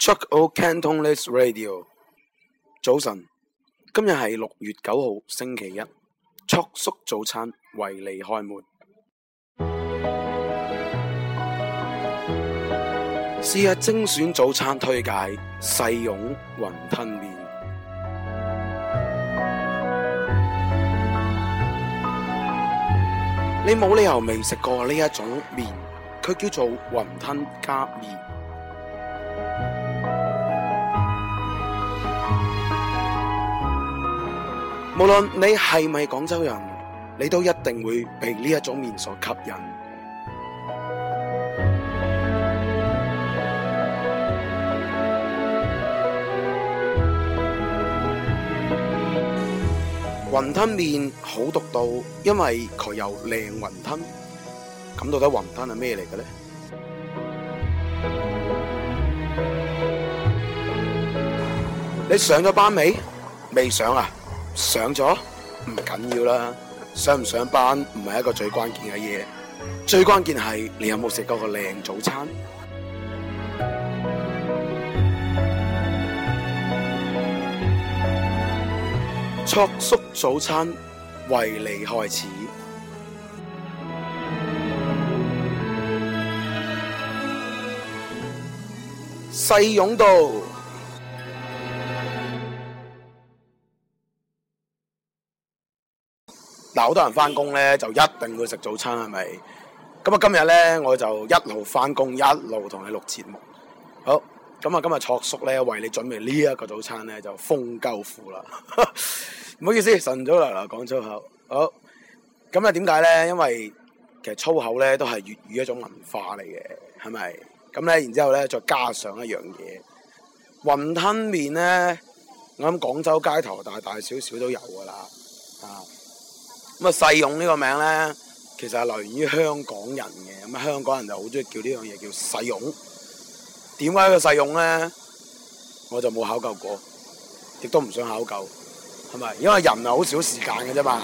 Chuck O Cantonese Radio，早晨，今日係六月九號星期一，速速早餐為你開門。 試下精選早餐推介：細蓉雲吞麵。 你冇理由未食過呢一種麵，佢叫做雲吞加麵。無論你係咪廣州人，你都一定會被呢一種麵所吸引。雲吞麵好獨到，因為佢有靚雲吞。咁到底雲吞係咩嚟嘅呢？你上咗班未？未上啊？上咗唔緊要啦，上唔上班唔係一個最關鍵嘅嘢，最關鍵係你有冇食過個靚早餐。卓叔 早餐為你開始，細甬道。 好多人翻工咧，就一定會食早餐，係咪？咁啊，今日咧我就一路翻工一路同你錄節目。好，咁啊，今日卓叔咧為你準備呢一個早餐咧，就豐鳩富啦。唔 好意思，晨早來來講粗口。好，咁啊，點解咧？因為其實粗口咧都係粵語一種文化嚟嘅，係咪？咁咧，然之後咧再加上一樣嘢，雲吞麵咧，我諗廣州街頭大大小小都有㗎啦，啊。咁啊，細蓉呢個名咧，其實係來源於香港人嘅。咁啊，香港人就好中意叫呢樣嘢叫細蓉。點解叫細蓉咧？我就冇考究過，亦都唔想考究，係咪？因為人係，好少時間嘅啫嘛。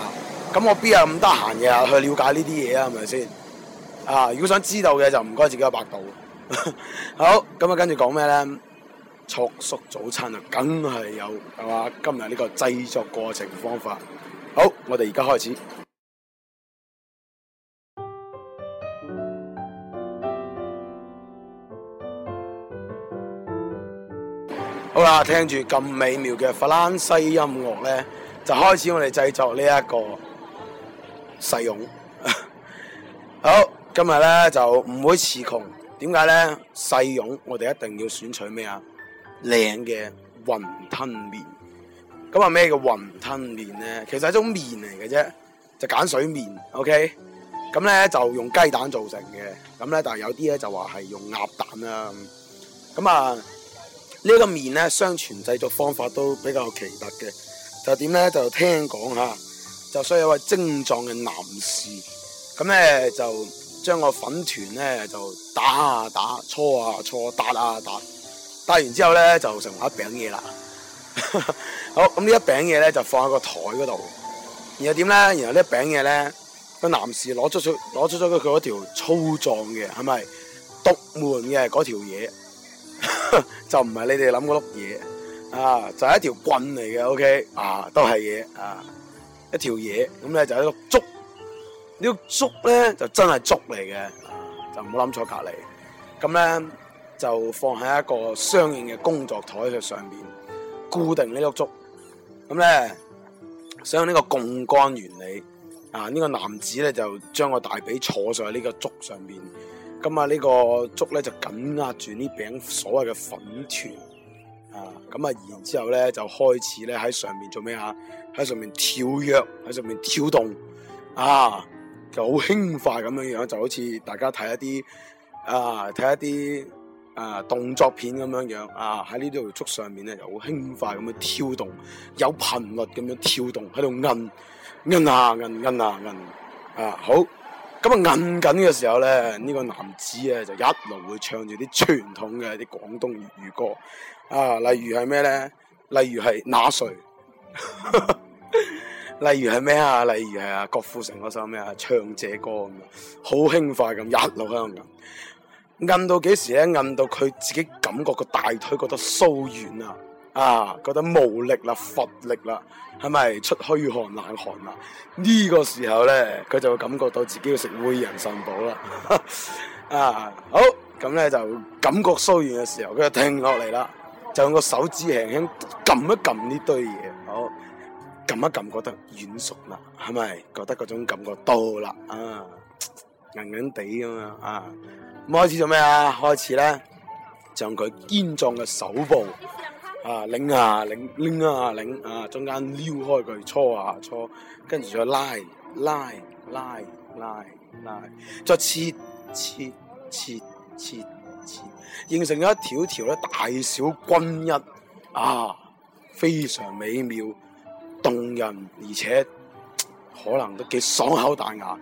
咁我邊有咁得閒嘅去了解呢啲嘢啊？係咪先？啊，如果想知道嘅就唔該自己去百度。哈哈好，咁、嗯、啊，跟住講咩咧？速熟早餐啊，梗係有係嘛？今日呢個製作過程方法。好，我哋而家開始。好啦，聽住咁美妙嘅法蘭西音樂呢，就開始我哋製作呢一個細蓉。 好，今日呢就唔會詞窮，點解呢？細蓉我哋一定要選取咩啊？靚嘅雲吞麵。咁啊咩叫雲吞麵咧，其實係種麵嚟嘅啫，就鹼水麵，OK，咁、嗯、咧就用雞蛋做成嘅、啊嗯，咁咧但係有啲咧就話係用鴨蛋啦，咁、嗯、啊、這個、呢個麵咧相傳製作方法都比較奇特嘅， 就點咧就聽講吓，就需要一位精壯嘅男士，咁咧、 嗯、就將個粉團咧就打啊打，搓 啊搓，打啊打，打完之後咧就成為一餅嘢啦。 好，咁呢一餅嘢咧就放喺個台嗰度，然後點咧？然後一餅呢一餅嘢咧，個男士攞出咗，攞出咗佢嗰條粗壯嘅，係咪獨門嘅嗰條嘢？ 就唔係你哋諗嗰碌嘢啊，就係、是、一條棍嚟嘅。OK 啊，都係嘢啊，一條嘢咁咧就係碌竹，那個、呢個竹咧就真係竹嚟嘅，就唔好諗錯隔籬。咁、啊、咧就放喺一個相應嘅工作台嘅上邊。固定呢碌竹，咁咧，使用呢個槓桿原理，啊，呢、呢個男子咧就將個大髀坐上呢個竹上面。咁啊、呢個、呢個竹咧就緊壓住呢餅所謂嘅粉團，啊，咁啊然之後咧就開始咧喺上面做咩啊？喺上面跳躍，喺上面跳動，啊，就好輕快咁樣樣，就好似大家睇一啲啊，睇一啲。啊！動作片咁樣樣啊，喺呢條竹上面咧就好輕快咁樣跳動，有頻率咁樣跳動喺度韻韻啊韻韻啊韻啊，韌啊，啊好咁啊韻緊嘅時候咧，呢、這個男子啊就一路會唱住啲傳統嘅啲廣東粵語歌啊，例如係咩咧？例如係哪誰， 例如係咩啊？例如係阿郭富城嗰首咩啊？唱這歌咁樣，好輕快咁一路喺度韻。按到幾時咧？按到佢自己感覺個大腿覺得酥軟啦，啊，覺得無力啦、乏力啦，係咪出虛汗、冷汗啦？呢個時候咧，佢就會感覺到自己要食灰人腎寶啦。啊，好，咁咧就感覺酥軟嘅時候，佢就停落嚟啦，就用個手指輕輕撳一撳呢堆嘢，好撳一撳，覺得軟熟啦，係咪？覺得嗰種感覺到啦，啊，硬硬地咁樣啊。咁開始做咩啊？開始咧，用佢堅壯嘅手部啊，擰啊擰擰啊擰啊，中間撩開佢搓啊搓，跟住再拉拉拉拉拉，再切切切切切，形成咗一條條咧，大小均一啊，非常美妙動人，而且可能都幾爽口彈牙。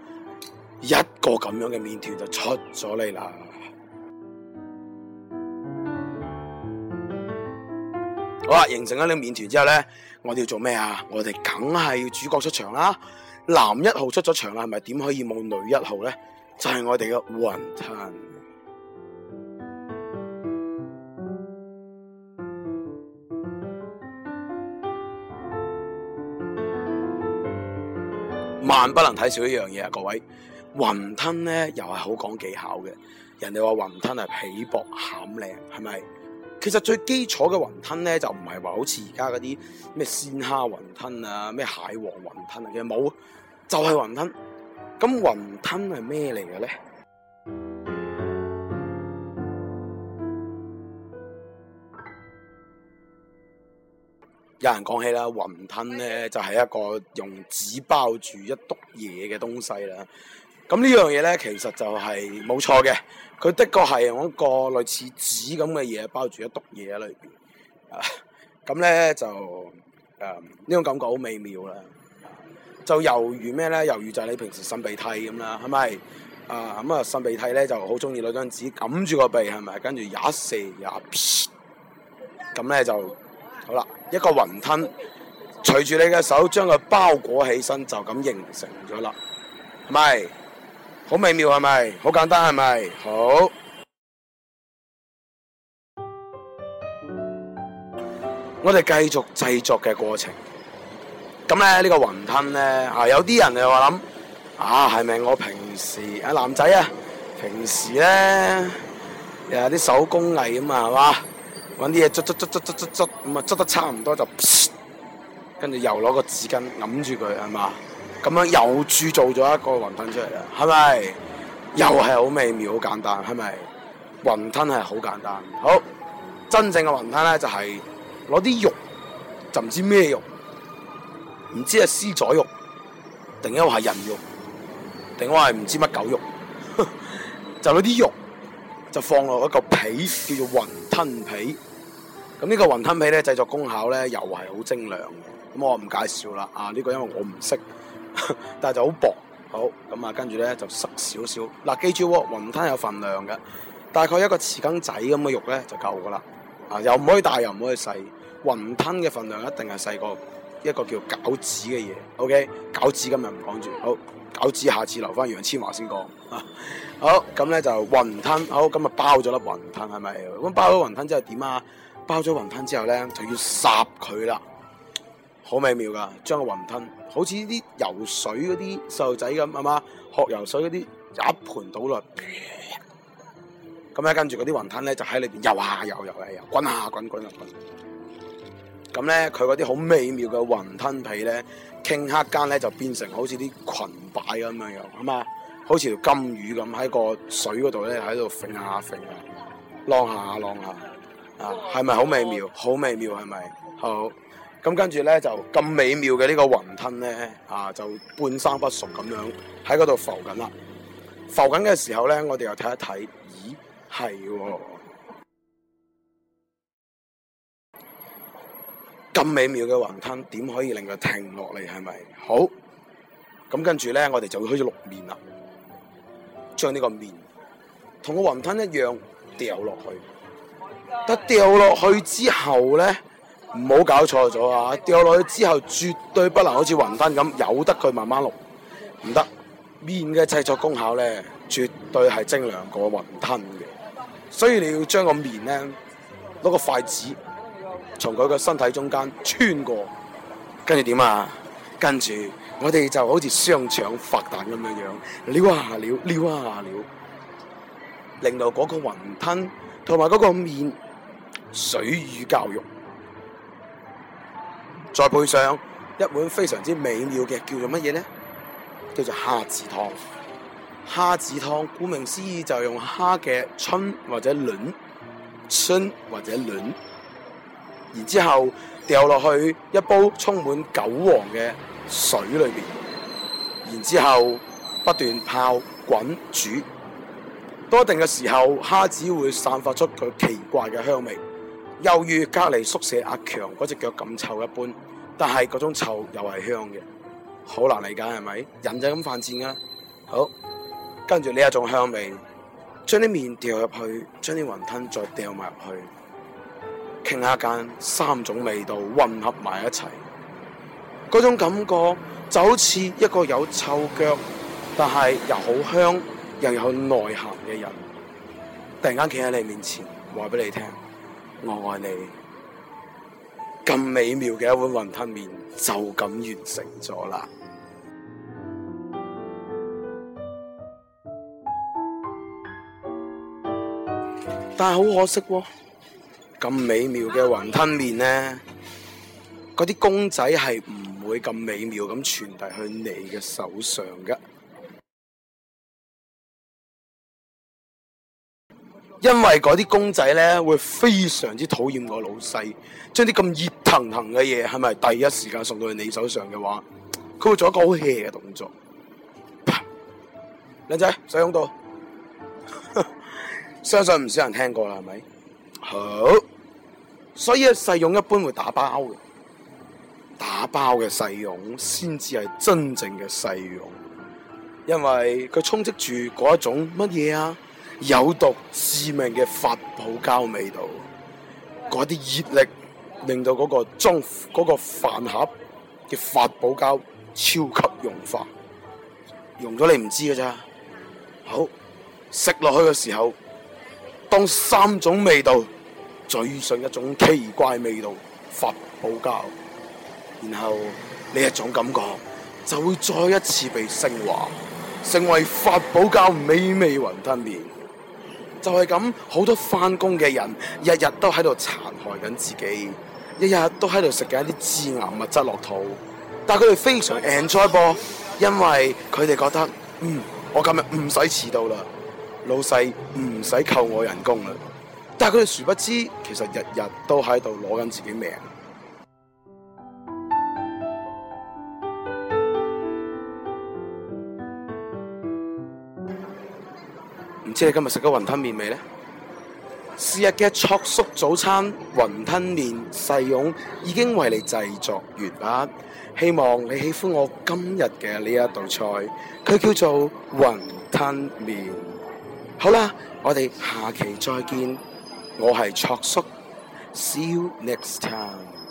一個咁樣嘅麵團就出咗嚟啦。好啦，形成咗呢個麵團之後呢，我哋要做咩啊？我哋梗係要主角出場啦。男一號出咗場啦，係咪點可以冇女一號呢？就係我哋嘅雲吞，萬不能睇少一樣嘢啊，各位！雲吞咧又係好講技巧嘅，人哋話雲吞係皮薄餡靚，係咪？其實最基礎嘅雲吞咧就唔係話好似而家嗰啲咩鮮蝦雲吞啊、咩蟹黃雲吞啊嘅冇，就係、是、雲吞。咁雲吞係咩嚟嘅咧？有人講起啦，雲吞咧就係、是、一個用紙包住一篤嘢嘅東西啦。咁呢樣嘢咧，其實就係冇錯嘅，佢的確係用一個類似紙咁嘅嘢包住一督嘢喺裏邊，啊，咁咧就誒呢、啊、種感覺好美妙啦，就猶如咩咧？猶如就係你平時擤鼻涕咁啦，係咪？啊，咁啊擤鼻涕咧就好中意攞張紙揞住個鼻，係咪？跟住呀四呀，咁咧就好啦，一個雲吞隨住你嘅手將佢包裹起身，就咁形成咗啦，係咪？好美妙係咪？好簡單係咪？好，我哋繼續製作嘅過程。咁咧呢個雲吞咧啊，有啲人又話諗啊，係咪我平時啊男仔啊，平時咧誒啲手工藝啊嘛係嘛，搵啲嘢捽捽捽捽捽捽捽，咁啊捽得差唔多就，跟住又攞個紙巾揞住佢係嘛。是咁樣又製造咗一個雲吞出嚟啦，係咪？嗯、又係好美妙、好簡單，係咪？雲吞係好簡單。好，真正嘅雲吞咧就係攞啲肉，就唔知咩肉，唔知係獅咗肉，定因為係人肉，定話係唔知乜狗肉，就攞啲肉就放落一個皮，叫做雲吞皮。咁呢個雲吞皮咧製作功效咧又係好精良嘅，咁我唔介紹啦。啊，呢、呢個因為我唔識。 但係就好薄，好咁啊，跟住咧就濕少少。嗱，記住喎，雲吞有份量嘅，大概一個匙羹仔咁嘅肉咧就夠噶啦。啊，又唔可以大又唔可以細，雲吞嘅份量一定係細過一個叫餃子嘅嘢。OK，餃子今日唔講住，好餃子下次留翻楊千嬅先講。啊、好咁咧就雲吞，好咁啊，包咗粒雲吞係咪？咁包咗雲吞之後點啊？包咗雲吞之後咧就要烚佢啦。好美妙噶，將個雲吞好似啲游水嗰啲細路仔咁，係嘛？學游水嗰啲一盆倒落，咁咧跟住嗰啲雲吞咧就喺裏邊游下、啊、游、啊、游下、啊、游，滾下滾滾下滾。咁咧佢嗰啲好美妙嘅雲吞皮咧，頃刻間咧就變成好似啲裙擺咁樣樣，係嘛？好似條金魚咁喺個水嗰度咧喺度揈下揈下，浪下浪下，啊，係咪好美妙？好美妙係咪？好。好咁跟住咧就咁美妙嘅呢個雲吞咧，啊就半生不熟咁樣喺嗰度浮緊啦。浮緊嘅時候咧，我哋又睇一睇，咦，係喎！咁、嗯、美妙嘅雲吞點可以令佢停落嚟？係咪？好，咁跟住咧，我哋就會開始落麵啦，將呢個麵同個雲吞一樣掉落去。得掉落去之後咧。唔好搞錯咗啊！掉落去之後，絕對不能好似雲吞咁由得佢慢慢錄，唔得，麵嘅製作功效咧，絕對係精良過雲吞嘅，所以你要將個麵咧攞個筷子從佢個身體中間穿過，跟住點啊？跟住我哋就好似商場發彈咁嘅樣，撩下撩，撩下撩，令到嗰個雲吞同埋嗰個麵水乳交融。再配上一碗非常之美妙嘅，叫做乜嘢呢？叫做蝦、就是、子湯。蝦子湯，顧名思義就用蝦嘅春或者卵，春或者卵，然之後掉落去一煲充滿韭黃嘅水裏邊，然之後不斷泡滾煮，多定嘅時候，蝦子會散發出佢奇怪嘅香味。又如隔籬宿舍阿強嗰隻腳咁臭一般，但係嗰種臭又係香嘅，好難理解係咪？人就咁犯賤噶、啊。好，跟住呢一種香味，將啲麵掉入去，將啲雲吞再掉埋入去，傾下間三種味道混合埋一齊，嗰種感覺就好似一個有臭腳，但係又好香又有內涵嘅人，突然間企喺你面前，話俾你聽。我愛你，咁美妙嘅一碗雲吞麵就咁完成咗啦。但係好可惜喎、哦，咁美妙嘅雲吞麵咧，嗰啲公仔係唔會咁美妙咁傳遞去你嘅手上㗎。因為嗰啲公仔咧，會非常之討厭我老細，將啲咁熱騰騰嘅嘢係咪第一時間送到去你手上嘅話，佢會做一個好 hea 嘅動作。靚 仔，細勇到， 相信唔少人聽過啦，係咪？好，所以細勇一般會打包嘅，打包嘅細勇先至係真正嘅細勇，因為佢充斥住嗰一種乜嘢啊？有毒致命嘅法寶膠味道，嗰啲熱力令到嗰個裝，嗰個飯盒嘅法寶膠超級融化，溶咗你唔知嘅咋。好食落去嘅時候，當三種味道，最上一種奇怪味道，法寶膠，然後呢一種感覺就會再一次被升華，成為法寶膠美味雲吞麵。就係咁，好多返工嘅人日日都喺度殘害緊自己，日日都喺度食緊一啲致癌物質落肚。但係佢哋非常 enjoy 噃，因為佢哋覺得，嗯，我今日唔使遲到啦，老細唔使扣我人工啦。但係佢哋殊不知，其實日日都喺度攞緊自己命。你今日食咗雲吞麵未呢？是日嘅卓叔早餐雲吞麵細蓉已經為你製作完畢，希望你喜歡我今日嘅呢一道菜，佢叫做雲吞麵。好啦，我哋下期再見，我係卓叔，See you next time。